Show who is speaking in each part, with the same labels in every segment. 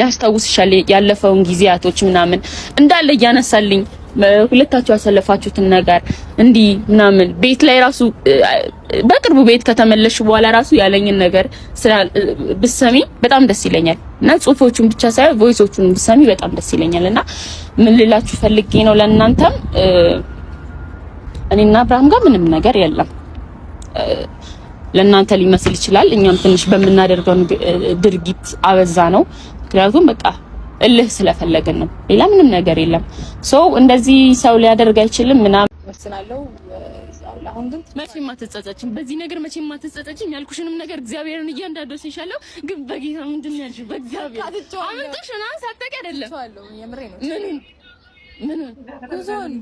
Speaker 1: ያስታውስሻል ያለፈውን ጊዜያቶች ምናምን እንዳለ እያነሳልኝ ሁለታችሁ ያሳለፋችሁትን ነገር እንዲህ ምናምን ቤት ላይ ራሱ በቅርቡ ቤት ከተመለሽ በኋላ ራሱ ያለኝን ነገር ብሰሚ በጣም ደስ ይለኛል እና ጽሁፎቹን ብቻ ሳይሆን ቮይሶቹን ብሰሚ በጣም ደስ ይለኛል። እና ምን ልላችሁ ፈልጌ ነው ለእናንተም እኔና አብርሃም ጋር ምንም ነገር የለም። ለእናንተ ሊመስል ይችላል። እኛም ትንሽ በምናደርገው ድርጊት አበዛ ነው ምክንያቱም በቃ እልህ ስለፈለግን ነው። ሌላ ምንም ነገር የለም። ሰው እንደዚህ ሰው ሊያደርግ አይችልም ምናምን
Speaker 2: ወስናለሁ። አሁን ግን
Speaker 1: መቼም አትጸጸችም፣ በዚህ ነገር መቼም አትጸጸችም። ያልኩሽንም ነገር እግዚአብሔርን እያንዳንዱ ሲሻለው ግን በጌታ ምንድን ነው ያልሽው? በእግዚአብሔር አመጣሽ ምናምን ሳታውቂ አይደለም። ምኑን ምኑን
Speaker 2: ጉዞን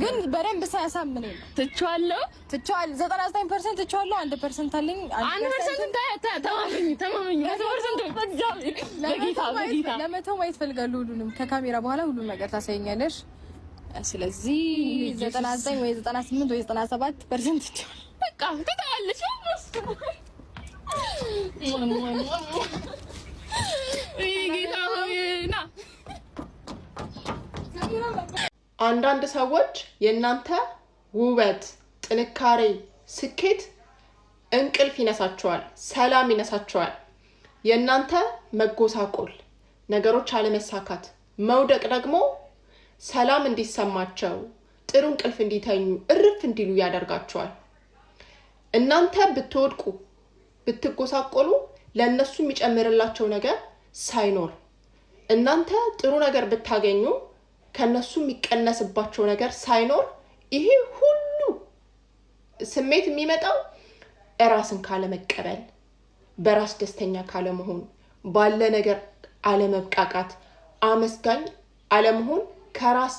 Speaker 2: ግን በደንብ ሳያሳምን
Speaker 1: ትቼዋለሁ።
Speaker 2: ትቼዋለሁ፣ ዘጠና ዘጠኝ ፐርሰንት ትቼዋለሁ። አንድ ፐርሰንት አለኝ።
Speaker 1: አንድ ፐርሰንት ተማመኝ፣ ተማመኝ
Speaker 2: ለመተው ማየት ፈልጋለሁ። ሁሉንም ከካሜራ በኋላ ሁሉም ነገር ታሳይኛለሽ። ስለዚህ 99 ወይ 98 ወይ 97 ፐርሰንት
Speaker 1: በቃ አንዳንድ ሰዎች የእናንተ ውበት፣ ጥንካሬ፣ ስኬት እንቅልፍ ይነሳቸዋል፣ ሰላም ይነሳቸዋል። የእናንተ መጎሳቆል፣ ነገሮች አለመሳካት፣ መውደቅ ደግሞ ሰላም እንዲሰማቸው ጥሩ እንቅልፍ እንዲተኙ እርፍ እንዲሉ ያደርጋቸዋል። እናንተ ብትወድቁ ብትጎሳቆሉ ለእነሱ የሚጨምርላቸው ነገር ሳይኖር እናንተ ጥሩ ነገር ብታገኙ ከእነሱ የሚቀነስባቸው ነገር ሳይኖር ይሄ ሁሉ ስሜት የሚመጣው እራስን ካለመቀበል በራስ ደስተኛ ካለመሆን፣ ባለ ነገር አለመብቃቃት፣ አመስጋኝ አለመሆን ከራስ